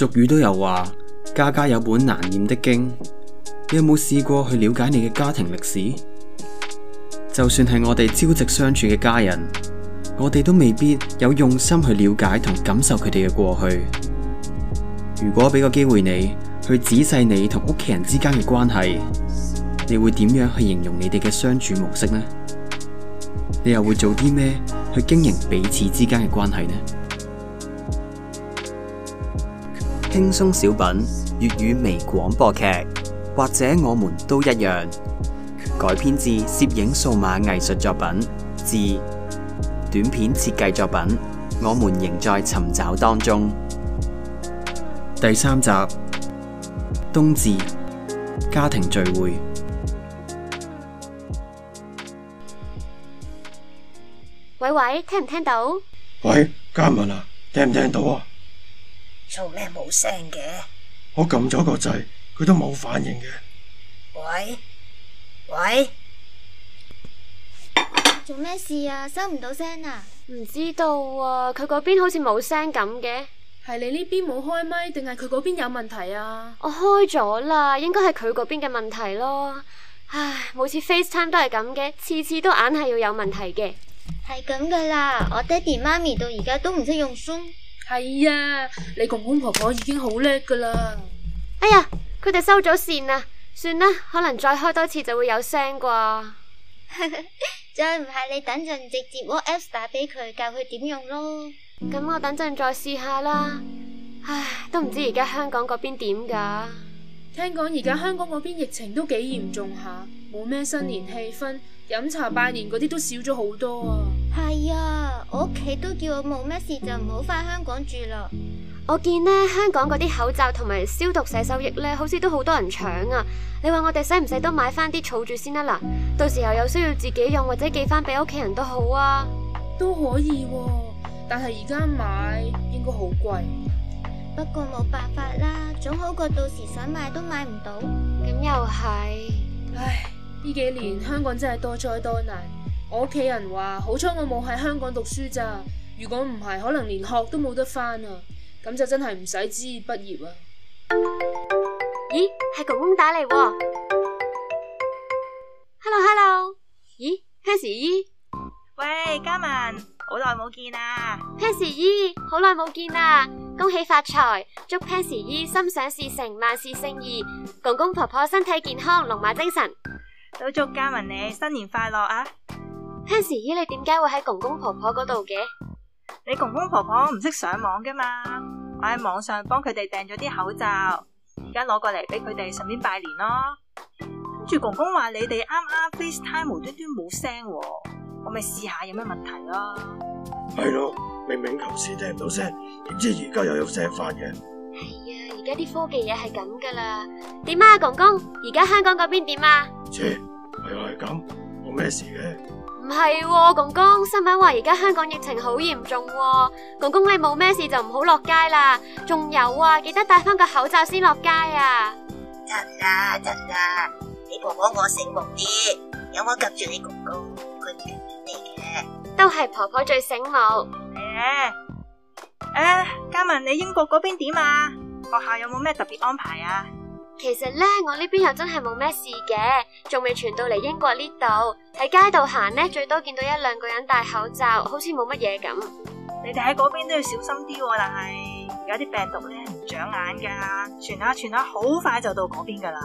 俗語都有話，家家有本難念的經。你有冇試過去了解你嘅家庭歷史？就算係我哋朝夕相處嘅家人，我哋都未必有用心去了解同感受佢哋嘅過去。如果俾個機會你去仔細你同屋企人之間嘅關係，你會點樣去形容你哋嘅相處模式呢？你又會做啲咩去經營彼此之間嘅關係呢？輕鬆小品、粵語微廣播劇，或者我們都一樣改編自攝影數碼藝術作品，致短片設計作品，我們仍在尋找當中。第三集冬至，家庭聚會。喂喂，聽唔聽到？喂，嘉文啊，聽唔聽到啊？做咩冇聲嘅？聲我撳咗個掣，佢都冇反應嘅。喂喂，做咩事啊？收唔到聲啊？唔知道啊？佢嗰邊好似冇聲咁嘅。係你呢邊冇開咪？定係佢嗰邊有問題啊？我開咗啦，應該係佢嗰邊嘅問題咯。唉，每次 FaceTime 都係咁嘅，次次都硬係要有問題嘅。係咁噶啦，我爹哋媽咪到而家都唔識用 Zoom 係啊，你公公婆婆已經好叻噶啦。哎呀，佢哋收咗線啦，算啦，可能再開多次就會有聲啩。 再唔係你等陣直接 WhatsApp 打俾佢，教佢點用咯。咁我等陣再試下啦。唉、嗯，都唔知而家香港嗰邊點噶？聽講而家香港嗰邊疫情都幾嚴重下，冇咩新年氣氛。飲茶拜年嗰啲都少咗好多啊！係啊，我屋企都叫我冇咩事就唔好翻香港住啦。我見呢香港嗰啲口罩同埋消毒洗手液呢，好似都好多人搶啊！你話我哋使唔使都買翻啲儲住先得啦？嗱，到時候有需要自己用或者寄翻俾屋企人都好啊。都可以啊，但係而家買應該好貴。不過冇辦法啦，總好過到時想買都買唔到。咁又係，唉。呢幾年、嗯、香港真係多災多難，我屋企人話好彩我冇喺香港讀書咋。如果唔係，可能連學都冇得返啊。咁就真係唔使知畢業啊。咦，係公公打嚟喎。Hello，hello，hello。咦，Pansy。喂，嘉文，好耐冇見啊。Pansy，好耐冇見啦。恭喜發財，祝 Pansy 心想事成，萬事勝意。公公婆婆婆身體健康，龍馬精神。都祝嘉文你新年快樂啊！Hence，咦，你點解會喺公公婆婆嗰度嘅？你公公婆婆唔識上網噶嘛？我喺網上幫佢哋訂咗啲口罩，而家攞過嚟俾佢哋順便拜年咯。跟住公公話你哋啱啱 FaceTime 無端端冇聲，我咪試下有咩問題咯。係咯，明明頭先聽唔到聲，點知而家又有聲返嘅？係啊、哎，而家啲科技嘢係咁噶啦。點啊，公公，而家香港嗰邊點啊？切！係啊，又係咁，冇咩事嘅。唔係，公公，新聞話而家香港疫情好嚴重喎。公公你冇咩事就唔好落街啦。仲有啊，記得戴翻個口罩先落街啊。得啦得啦，你婆婆我醒目啲，有我夾住你公公，佢唔驚你嘅。都係婆婆最醒目。嚟啦！欸、誒、欸，嘉文，你英國嗰邊點啊？學校有冇咩特別安排啊？其實咧，我呢邊又真係冇咩事嘅，仲未傳到嚟英國呢度。喺街度行咧，最多見到一兩個人戴口罩，好似冇乜嘢咁。你哋喺嗰邊都要小心啲，但係而家啲病毒咧唔長眼噶，傳下傳下，好快就到嗰邊噶啦。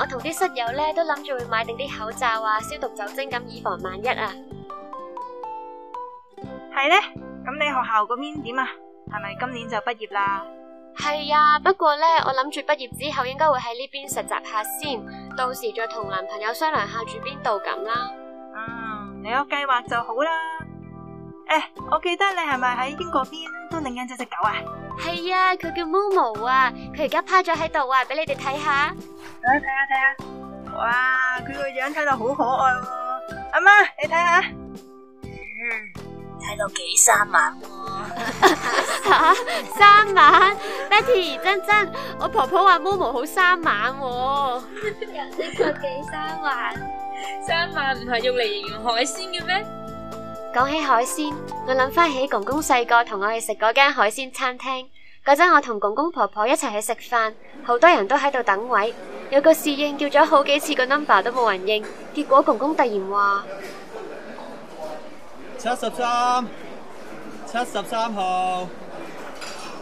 我同啲室友咧都諗住會買定啲口罩啊、消毒酒精咁，以防萬一啊。係咧，咁你學校嗰邊點啊？係咪今年就畢業啦？係啊，不過咧，我諗住畢業之後應該會喺呢邊實習下先，到時再同男朋友商量下住邊度咁啦。嗯，你有計劃就好啦。誒、欸，我記得你係咪喺英國邊都領養咗隻狗啊？係啊，佢叫 Momo 啊，佢而家趴咗喺度啊，俾你哋睇下。睇下睇下睇下。哇，佢個樣睇到好可愛喎，啊。阿媽，你睇下。嗯。睇到幾生猛喎，生猛 Betty 真真，我婆婆話 Momo 好生猛喎。有呢個幾生猛，生猛唔係用嚟形容海鮮嘅咩？講起海鮮，我諗翻起公公細個同我去食嗰間海鮮餐廳嗰陣，我同公公婆婆一齊去食飯，好多人都喺度等位，有個侍應叫咗好幾次個 number 都冇人應，結果公公突然話。七十三，七十三號，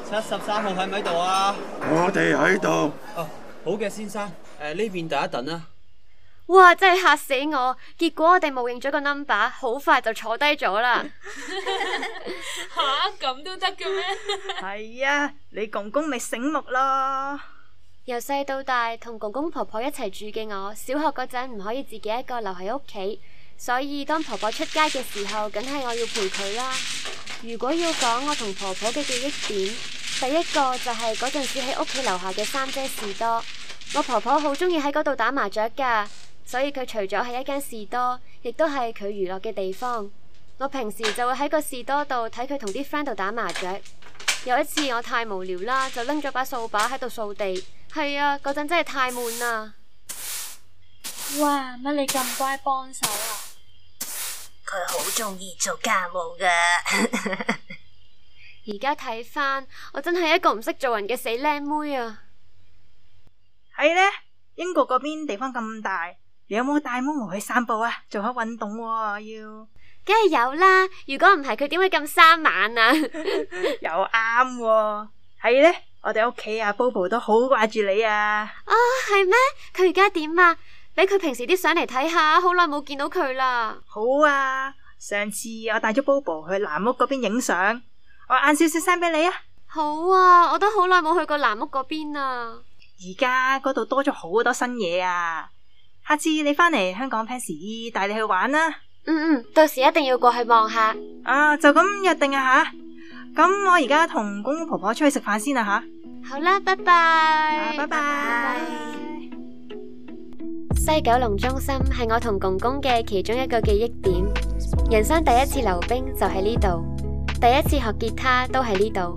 七十三號喺唔喺度啊？我哋喺度。哦，好嘅，先生。誒、呃，呢邊等一等啊。哇！真係吓死我。結果我哋冒認咗個 number，好快就坐低咗啦。吓、 啊？咁都得嘅咩？係 啊，你公公咪醒目咯。由細到大同公公婆婆、婆、婆一齊住嘅我，小學嗰陣唔可以自己一個留喺屋企。所以當婆婆出街嘅時候，梗係我要陪佢啦。如果要講我同婆婆嘅記憶點，第一個就係嗰陣時喺屋企樓下嘅三姐士多。我婆婆好中意喺嗰度打麻雀㗎，所以佢除咗係一間士多，亦都係佢娛樂嘅地方。我平時就會喺個士多度睇佢同啲 friend 度打麻雀。有一次我太無聊啦，就拎咗把掃把喺度掃地。係啊，嗰陣真係太悶啦。哇，乜你咁乖幫手啊？佢好中意做家務噶，而家睇翻，我真係一個唔識做人嘅死靚妹啊！係呢，英國嗰邊地方咁大，你有冇帶毛毛去散步啊？做下運動要，梗係有啦！如果唔係，佢點會咁生猛啊？ 又啱喎、啊，係呢，我哋屋企啊，Bobo 都好掛住你啊！啊、哦，係咩？佢而家點啊？俾佢平時啲相嚟睇下，好耐冇見到佢啦。好啊，上次我帶咗 Bobo 去南屋嗰邊影相，我晏少少 send 俾你啊。好啊，我都好耐冇去過南屋嗰邊啊。而家嗰度多咗好多新嘢啊！下次你返嚟香港 Pansy 帶你去玩啊。嗯嗯，到時一定要過去望下、啊啊。啊，就咁約定啊吓。咁我而家同公公婆婆，婆出去食飯先啦吓。啊、好啦，拜拜。啊、拜拜。拜拜。拜拜。西九龍中心係我同公公嘅其中一個記憶點，人生第一次溜冰就喺呢度，第一次學吉他都喺呢度，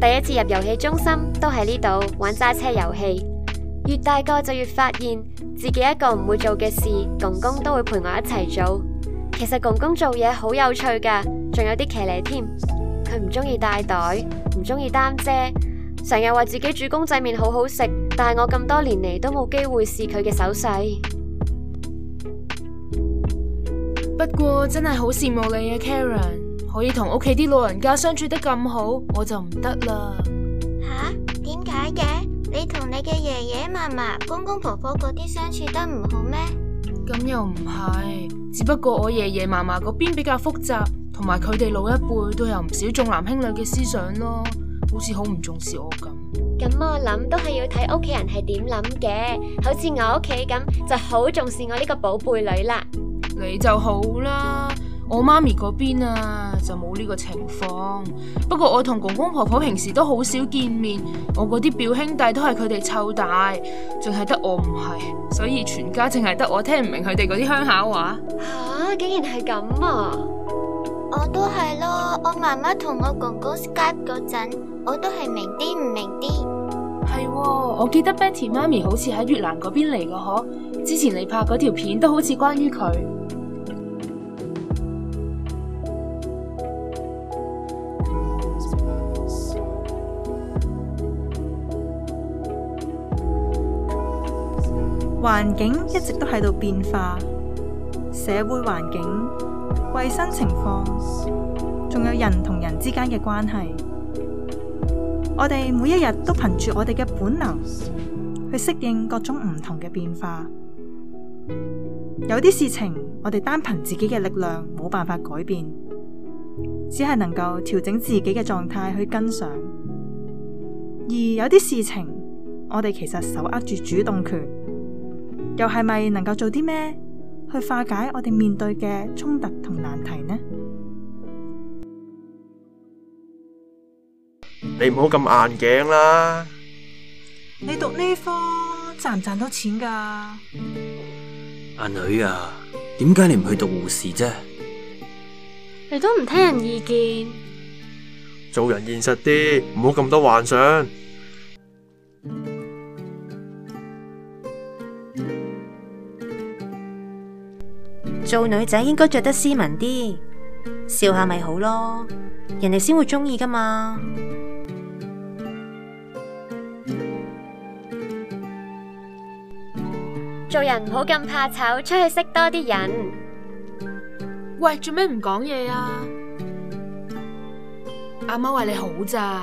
第一次入遊戲中心都喺呢度玩揸車遊戲。越大個就越發現自己一個唔會做嘅事，公公都會陪我一齊做。其實公公做嘢好有趣㗎，仲有啲騎呢添。佢唔中意帶袋，唔中意擔遮。成日話自己煮公仔麵好好食，但係我咁多年嚟都冇機會試佢嘅手勢。不過真係好羨慕你啊，Karen，可以同屋企啲老人家相處得咁好，我就唔得啦。吓、啊？點解嘅？你同你嘅爺爺嫲嫲、公公婆婆嗰啲相處得唔好咩？咁又唔係，只不過我爺爺嫲嫲嗰邊比較複雜，同埋佢哋老一輩都有唔少重男輕女嘅思想咯。好似好唔重視我咁，咁我諗都係要睇屋企人係點諗嘅。好似我屋企咁，就好重視我呢個寶貝女啦。你就好啦，我媽咪嗰邊啊就冇呢個情況。不過我同公公婆婆平時都好少見面，我嗰啲表兄弟都係佢哋湊大，淨係得我唔係，所以全家淨係得我聽唔明佢哋嗰啲鄉下話。吓、啊，竟然係咁啊！我都係咯，我媽媽同我公公 Skype 嗰陣。我都係明啲唔明啲。係喎，我記得 Betty 媽咪好似喺越南嗰邊嚟嘅，嗬。之前你拍嗰條片都好似關於佢。環境一直都喺度變化，社會環境、衛生情況，仲有人同人之間嘅關係。我哋每一日都憑住我哋嘅本能去適應各種唔同嘅變化。有啲事情我哋單憑自己嘅力量冇辦法改變，只係能夠調整自己嘅狀態去跟上。而有啲事情我哋其實手握住主動權，又係咪能夠做啲咩去化解我哋面對嘅衝突同難題呢？你唔好咁硬頸啦。你讀呢科賺唔賺到錢㗎？阿女啊，點解你唔去讀護士啫？你都唔聽人意見，做人現實啲，唔好咁多幻想。做女仔應該着得斯文啲，笑下咪好咯，人哋先會鍾意㗎嘛。做人唔好咁怕醜，出去識多啲人。喂，做咩唔講嘢啊？阿媽喂你好咋？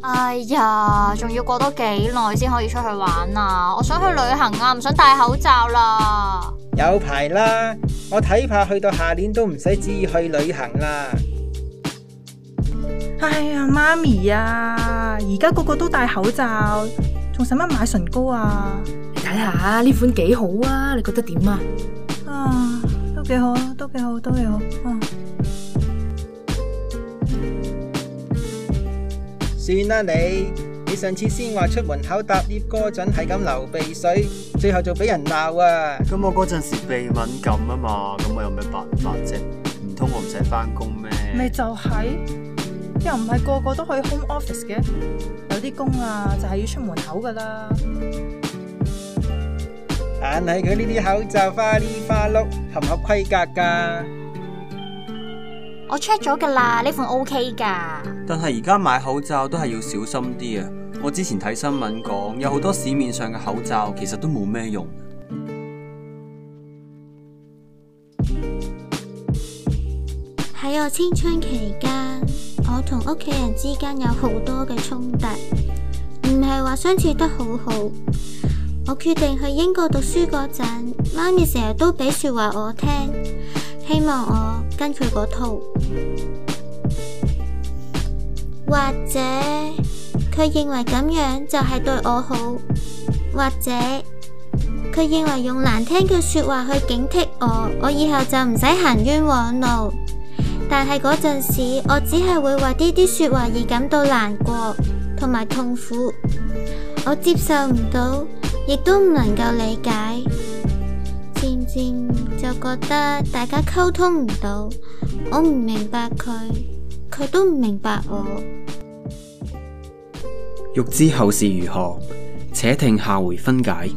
哎呀，仲要過多幾耐先可以出去玩啊？我想去旅行啊，唔想戴口罩啦。有排啦，我睇怕去到下年都唔使旨意去旅行啦。哎呀，媽咪啊，而家個個都戴口罩，仲使乜買唇膏啊？你睇下呢款幾好啊？你覺得點啊？啊，都幾好，都幾好，都幾好啊！算啦，你你上次先話出門口搭 lift 嗰陣，係咁流鼻水，最後就俾人鬧啊！咁我嗰陣時鼻敏感啊嘛，咁我有咩辦法啫？唔通我唔使返工咩？咪就係、是。嗯。又唔係個個都去 home office 嘅，有啲工啊就係要出門口噶啦。但係佢呢啲口罩花哩花碌合唔合規格噶？我 check 咗噶啦，呢款 OK 噶。但係而家買口罩都係要小心啲啊！我之前睇新聞講，有好多市面上嘅口罩其實都冇咩用。喺 我青春期間。我同屋企人之間有好多嘅衝突，唔係話相處得好好。我決定去英國讀書嗰陣，媽咪成日都俾說話我聽，希望我跟佢嗰套，或者佢認為咁樣就係對我好，或者佢認為用難聽嘅說話去警惕我，我以後就唔使行冤枉路。但係嗰陣時，我只係會為啲啲說話而感到難過同埋痛苦，我接受唔到，亦都唔能夠理解。漸漸就覺得大家溝通唔到，我唔明白佢，佢都唔明白我。欲知後事如何，且聽下回分解。